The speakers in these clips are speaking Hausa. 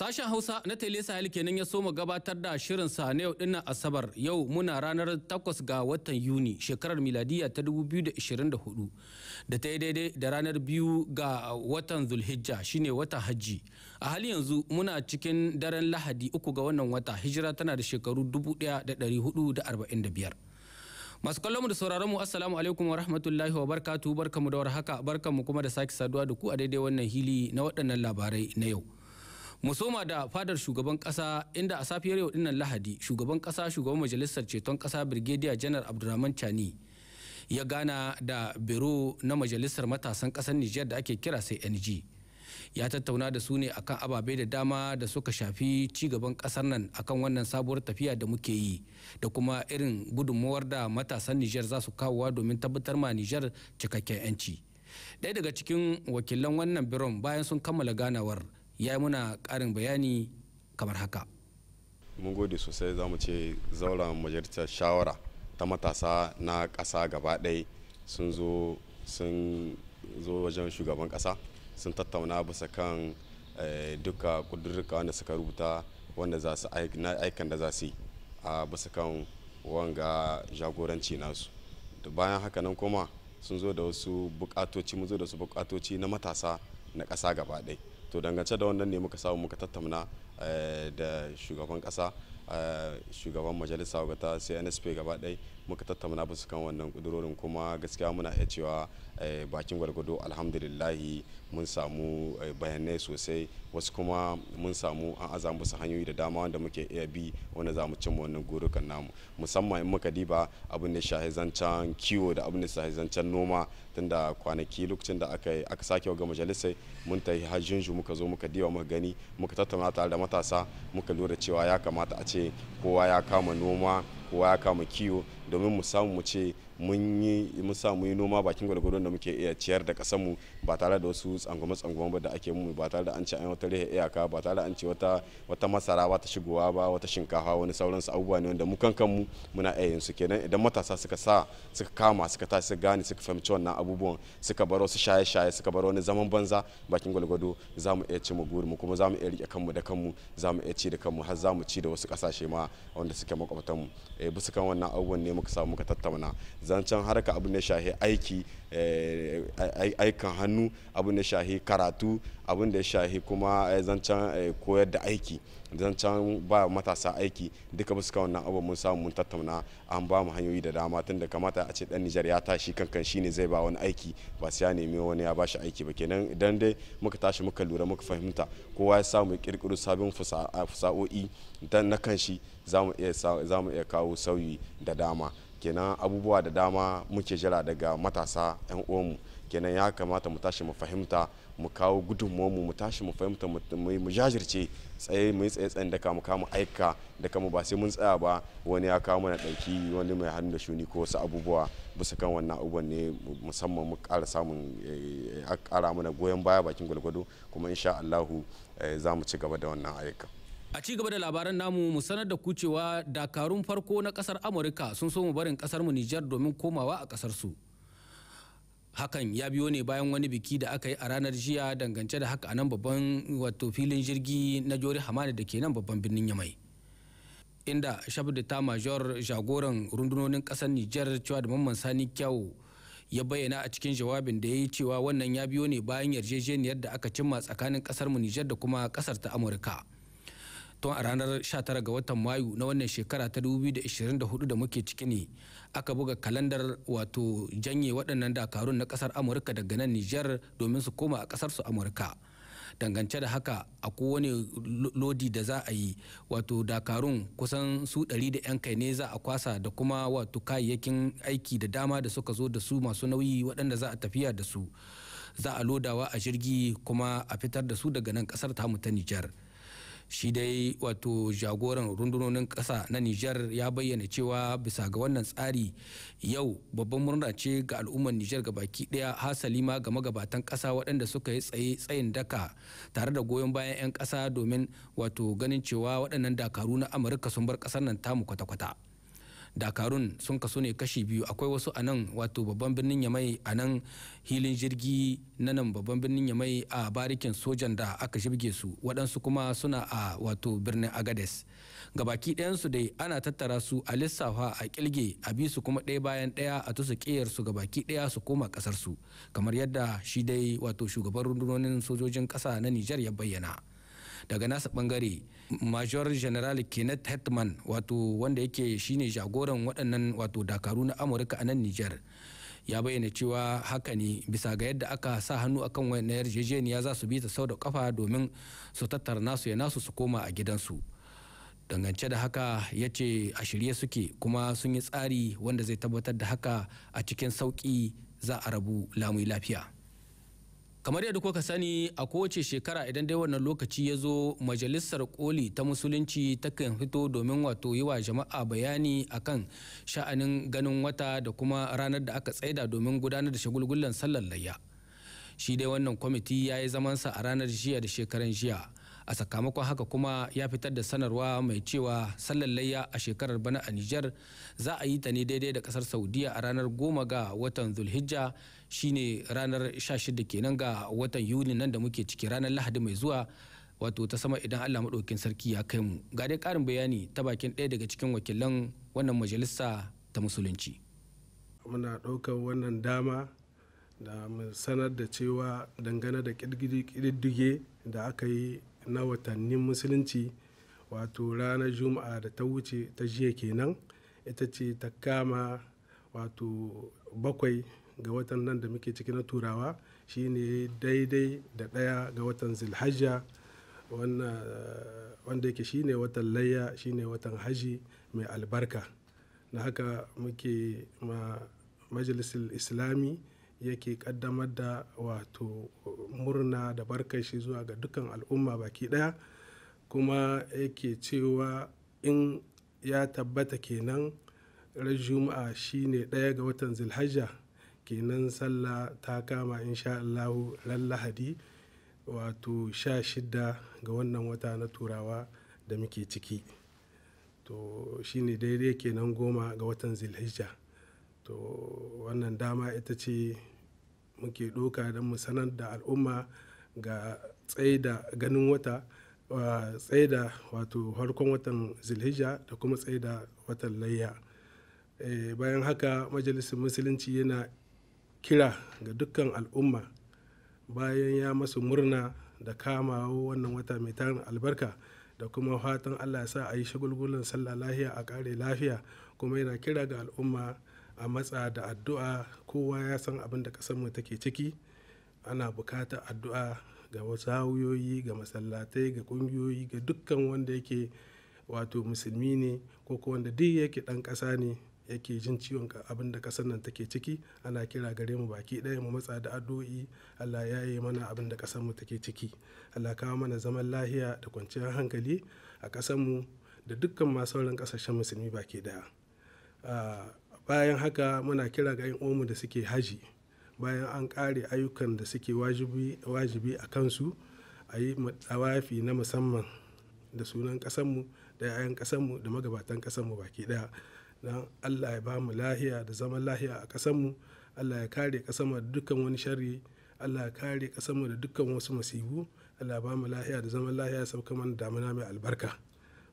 Sashen Hausa na Tele Sahel kenan ya soma gabatar da shirinsa na yau dinnan Asabar yau muna ranar 8 ga watan Yuni shekarar miladiya ta 2024 da ta yi daidai da ranar 2 ga watan Zulhijja shine wata Hajji. A hali yanzu muna cikin daren Lahadi uku ga wannan wata hijira tana da shekaru 1445. masu kallon mu da sauraron mu assalamu alaikum wa rahmatullahi wa barkatu barkamu da warhaka barkamu kuma da sake saduwa da ku a daidai wannan hili na waɗannan labarai na yau mu soma da fadar shugaban kasa inda a safiyar yau dinnan lahadi shugaban kasa shugaban majalisar ceton kasa birgediya janar abdurrahman chani ya gana da biro na majalisar matasan kasar niger da ake kira sai ng ya tattauna da su ne akan ababe da dama da suka shafi ci gaban kasar nan akan wannan sabuwar tafiya da muke yi da kuma irin gudunmuwar da matasan niger za su kawowa domin tabbatar ma nijar cikakken 'yanci ɗaya daga cikin wakilan wannan biron bayan sun kammala ganawar ya yi muna ƙarin bayani kamar haka mun gode sosai za mu ce zauren majalisar shawara ta matasa na ƙasa gaba ɗaya sun zo sun zo wajen shugaban ƙasa sun tattauna bisa kan eh, duka ƙudurruka wanda suka rubuta wanda za su aikan da za su yi a bisa kan wanga jagoranci nasu da bayan haka nan kuma sun zo da wasu bukatoci mun zo da wasu bukatoci na matasa na ƙasa gaba ɗaya to dangance da wannan ne muka samu muka tattauna eh, da shugaban kasa shugaban majalisa ta cnsp gaba ɗai muka tattauna su kan wannan kudurorin kuma gaskiya muna iya cewa eh, bakin gwargwado alhamdulillahi mun samu eh, bayanai sosai wasu kuma mun samu an aza musu hanyoyi da dama wanda muke iya bi wanda za mu cimma wannan gurukan namu musamman in muka diba abin da shahi zancen kiwo da abin da shahi zancen noma tunda kwanaki lokacin da aka aka sake ga majalisa mun tafi hajjinju muka zo muka diba muka gani muka tattauna tare da matasa muka lura cewa ya kamata a ce kowa ya kama noma kowa ya kama kiwo domin mu samu mu ce mun yi mun samu yi noma bakin gwargwadon da muke iya ciyar da kasa mu ba tare da wasu tsangwame tsangwame da ake mu ba tare da an ce an wata rihe iyaka ba tare da an ce wata wata masara wata shigowa ba wata shinkafa wani sauransu abubuwa ne wanda mu kankan mu muna iya yin su kenan idan matasa suka sa suka kama suka ta su gane suka fahimci wannan abubuwan suka bar wasu shaye shaye suka bar wani zaman banza bakin gwargwado za mu iya ci mu mu kuma za mu iya rike kanmu da kanmu za mu iya ci da kanmu har za mu ci da wasu kasashe ma wanda suke makwabtanmu eh, bisa kan wannan abubuwan ne muka samu muka tattauna zancen harka abu ne shahi aiki eh, aikan hannu abu ne shahi karatu abin da shahi kuma eh, zancen eh, koyar da aiki zancen ba matasa aiki duka bisa wannan abu mun samu mun tattauna an ba mu hanyoyi da dama tun da kamata a ce dan Nijar ya tashi kankan ne zai ba wani aiki ba su ya nemi wani ya ba shi aiki ba kenan idan dai muka tashi muka lura muka fahimta kowa ya samu kirkiro sabin fusa'o'i dan na kanshi za mu iya kawo sauyi da dama kenan abubuwa da dama muke jira daga matasa 'yan uwanmu kenan ya kamata mu tashi mu fahimta mu kawo gudunmuwanmu mu tashi mu fahimta mu jajirce tsaye mun yi tsaye tsayen daka kama aika da kama ba sai mun tsaya ba wani ya kawo mana ɗauki wani mai hannu da shuni ko wasu abubuwa bisa kan wannan abubuwan ne musamman mu ƙara samun eh, a ƙara mana goyon baya bakin gwalgwado kuma insha Allahu eh, za mu ci gaba da wannan aika. A ci gaba da labaran namu mu sanar da ku cewa dakarun farko na kasar Amurka sun so mu barin kasar mu Nijar domin komawa a kasar su. hakan ya biyo ne bayan wani biki da aka yi a ranar jiya dangance da haka a nan babban wato filin jirgi na jori hamani da ke nan babban birnin yamai inda shabda ta major jagoran rundunonin kasar nijar cewa da mamman sani kyau ya bayyana a cikin jawabin da ya yi cewa wannan ya biyo ne bayan yarjejeniyar da aka cimma tsakanin kasar mu nijar da kuma kasar ta amurka tun a ranar 19 ga watan mayu na wannan shekara ta 2024 da muke ciki ne aka buga kalandar wato janye waɗannan dakarun na ƙasar amurka daga nan nijar domin su koma a su amurka dangance da haka a kowane lodi da za a yi wato dakarun kusan su 100 da 'yan kai ne za a kwasa da kuma wato kayayyakin aiki da dama da suka zo da su masu nauyi waɗanda za a tafiya da su za a lodawa a jirgi kuma a fitar da su daga nan ƙasar tamu ta nijar shi dai wato jagoran rundunonin ƙasa na nijar ya bayyana cewa bisa ga wannan tsari yau babban murna ce ga al'ummar nijar baki ɗaya hasali ma ga magabatan ƙasa waɗanda suka yi tsaye tsayin daka tare da goyon bayan 'yan ƙasa domin wato ganin cewa waɗannan dakaru na amurka sun bar ƙasar nan tamu kwata-kwata. dakarun sun kasu ne kashi biyu akwai wasu anan nan wato babban birnin yamai a nan hilin jirgi na nan babban birnin yamai a barikin sojan da aka shirge su waɗansu kuma suna a wato birnin agades gabaki ɗayansu dai ana tattara su a lissafa a kilge a bi kuma ɗaya bayan ɗaya a tusa ƙiyar su gabaki ɗaya su koma ƙasar su kamar yadda shi dai wato shugaban rundunonin sojojin ƙasa na nijar ya bayyana daga nasa bangare major general kenneth hetman wato wanda yake shine jagoran waɗannan wato dakaru na amurka a nan niger ya bayyana cewa haka ne bisa ga yadda aka sa hannu akan wani yarjejeniya za su bi ta sau da kafa domin su tattara nasu ya nasu su koma a gidansu dangance da haka ya ce a shirye suke kuma sun yi tsari wanda zai tabbatar da haka a cikin sauƙi za a rabu lamu lafiya. kamar yadda kuka sani a kowace shekara idan dai wannan lokaci ya zo majalisar koli ta musulunci takan fito domin wato yi wa jama'a bayani akan sha'anin ganin wata da kuma ranar da aka tsaida domin gudanar da shagulgullen sallar layya shi dai wannan kwamiti ya yi zamansa a ranar jiya da shekaran jiya a sakamakon haka kuma ya fitar da sanarwa mai cewa sallar layya a shekarar bana a Nijar za a yi ta ne daidai da kasar Saudiya a ranar goma ga watan Zulhijja shine ranar 16 kenan ga watan Yuni nan da muke ciki ranar Lahadi mai zuwa wato ta sama idan Allah maɗaukin sarki ya kai mu ga dai ƙarin bayani ta bakin ɗaya daga cikin wakilan wannan majalisa ta musulunci. Muna ɗaukar wannan dama da mu sanar da cewa dangane da ƙididdige da aka yi na watannin musulunci wato ranar juma'a da ta wuce ta jiya kenan ita ce ta kama wato bakwai ga watan nan da muke ciki na turawa shine daidai da ɗaya ga watan zilhajja wanda yake shine watan layya shine watan haji mai albarka na haka muke ma majalisar islami yake kaddamar da wato murna da barkashi zuwa ga dukkan al'umma baki daya kuma yake cewa in ya tabbata kenan rajuma juma'a shine ɗaya ga watan zilhajja kenan sallah ta kama insha Allah ran lahadi wato sha shida ga wannan wata na turawa da muke ciki to shine daidai kenan goma ga watan zilhijja to wannan dama ita ce muke doka don mu sanar da al'umma ga tsaida ganin wata tsaida wato harkon watan zilhijja da kuma tsaida watan layya eh, bayan haka majalisar musulunci yana kira ga dukkan al'umma bayan ya masu murna da kama wannan wata mai tarin albarka da kuma fatan allah ya sa a yi shagulgulan sallah lahiya a kare lafiya kuma yana kira ga al'umma a matsa da addu'a kowa ya san abin da mu take ciki ana bukatar addu'a ga wasu hauyoyi ga masallatai ga ƙungiyoyi ga dukkan wanda yake wato musulmi ne ko ko wanda duk yake ɗan ƙasa ne yake jin ciwon abin da ƙasar nan take ciki ana kira gare mu baki ɗaya mu matsa da addu'o'i allah ya yi mana abin da ƙasar mu take ciki allah kawo mana zaman lahiya da kwanciyar hankali a ƙasar mu da dukkan masu kasashen ƙasashen musulmi baki ɗaya ah, bayan haka muna kira ga 'yan uwanmu da suke haji bayan an kare ayyukan da suke wajibi a kansu a yi tsawafi na musamman da sunan ƙasanmu da 'ya'yan ƙasanmu da magabatan ƙasanmu baki ɗaya don allah ya ba mu lahiya da zaman lahiya a ƙasanmu allah ya kare ƙasanmu da dukkan wani shari allah ya kare ƙasanmu da dukkan wasu masibu allah ya ba mu lahiya da zaman lahiya sauka mana damuna mai albarka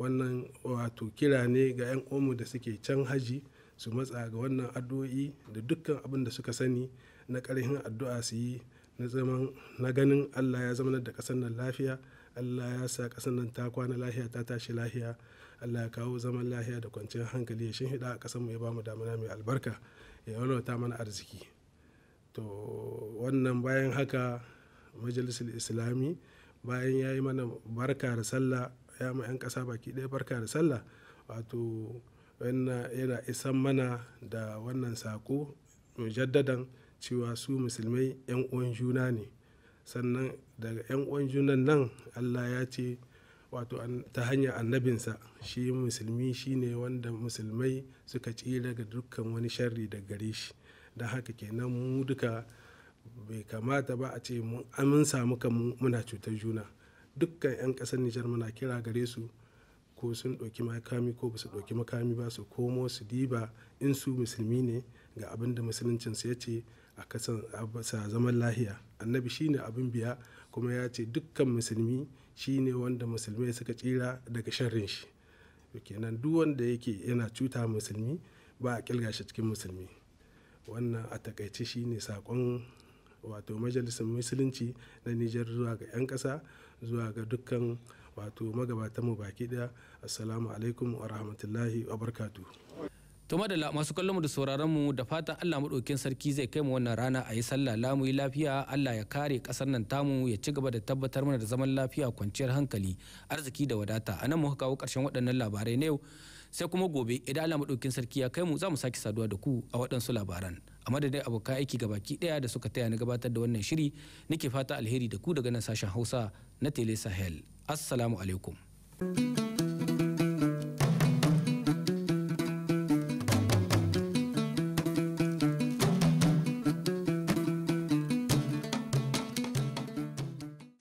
wannan wato kira ne ga 'yan omu da suke can haji su matsa ga wannan addu'o'i da dukkan abin da suka sani na ƙarfin addu'a su yi na ganin allah ya zama da ƙasar nan lafiya allah ya sa ƙasar nan ta kwana lafiya ta tashi lafiya allah ya kawo zaman lafiya da kwanciyar hankali ya shinhiɗa a ƙasar mu ya bamu damuna mai albarka ya walwata mana arziki to wannan bayan haka majalisar islami bayan ya yi mana barka da sallah ya ma 'yan ƙasa baki ɗaya barka da sallah wato wannan yana isan mana da wannan sako mujaddadan cewa su musulmai 'yan uwan juna ne sannan daga 'yan uwan junan nan allah ya ce wato ta hanyar annabinsa shi musulmi shine wanda musulmai suka tsira daga dukkan wani sharri da gare shi don haka kenan mu duka bai kamata ba a ce mun samu kanmu muna cutar juna dukkan 'yan ƙasar nijar muna kira gare su ko sun ɗauki makami ko ba su ɗauki makami ba su komo su diba in su musulmi ne ga abin da musuluncinsu ya ce a kasan sa zaman lahiya annabi shine abin biya kuma ya ce dukkan musulmi shine wanda musulmai suka tsira daga sharrin shi kenan duk wanda yake yana cuta musulmi ba a kilga shi cikin musulmi wannan a takaice shine sakon wato majalisar musulunci na nijar zuwa ga 'yan ƙasa zuwa ga dukkan wato magabatanmu baki daya assalamu alaikum wa rahmatullahi wa barkatu to madalla masu kallon mu da sauraron mu da fatan Allah madaukin sarki zai kai mu wannan rana a yi sallah lamu yi lafiya Allah ya kare kasar nan tamu ya ci gaba da tabbatar mana da zaman lafiya kwanciyar hankali arziki da wadata anan muka kawo karshen waɗannan labarai na yau sai kuma gobe idan Allah madaukin sarki ya kai mu za mu sake saduwa da ku a waɗansu labaran a madadin abokan aiki ga baki ɗaya da suka taya ni gabatar da wannan shiri nake fata alheri da ku daga nan sashen Hausa na Tele Sahel assalamu alaikum